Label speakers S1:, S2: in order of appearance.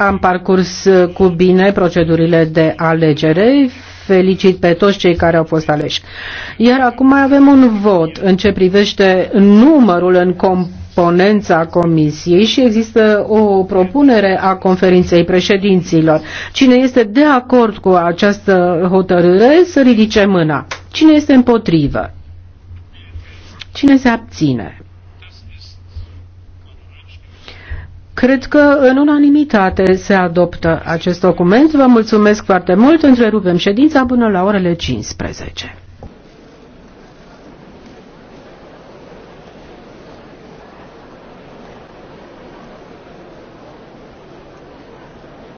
S1: Am parcurs cu bine procedurile de alegere. Felicit pe toți cei care au fost aleși. Iar acum mai avem un vot în ce privește numărul în componența comisiei și există o propunere a conferinței președinților. Cine este de acord cu această hotărâre să ridice mâna. Cine este împotrivă? Cine se abține? Cred că în unanimitate se adoptă acest document. Vă mulțumesc foarte mult. Întrerupem ședința până la orele 15.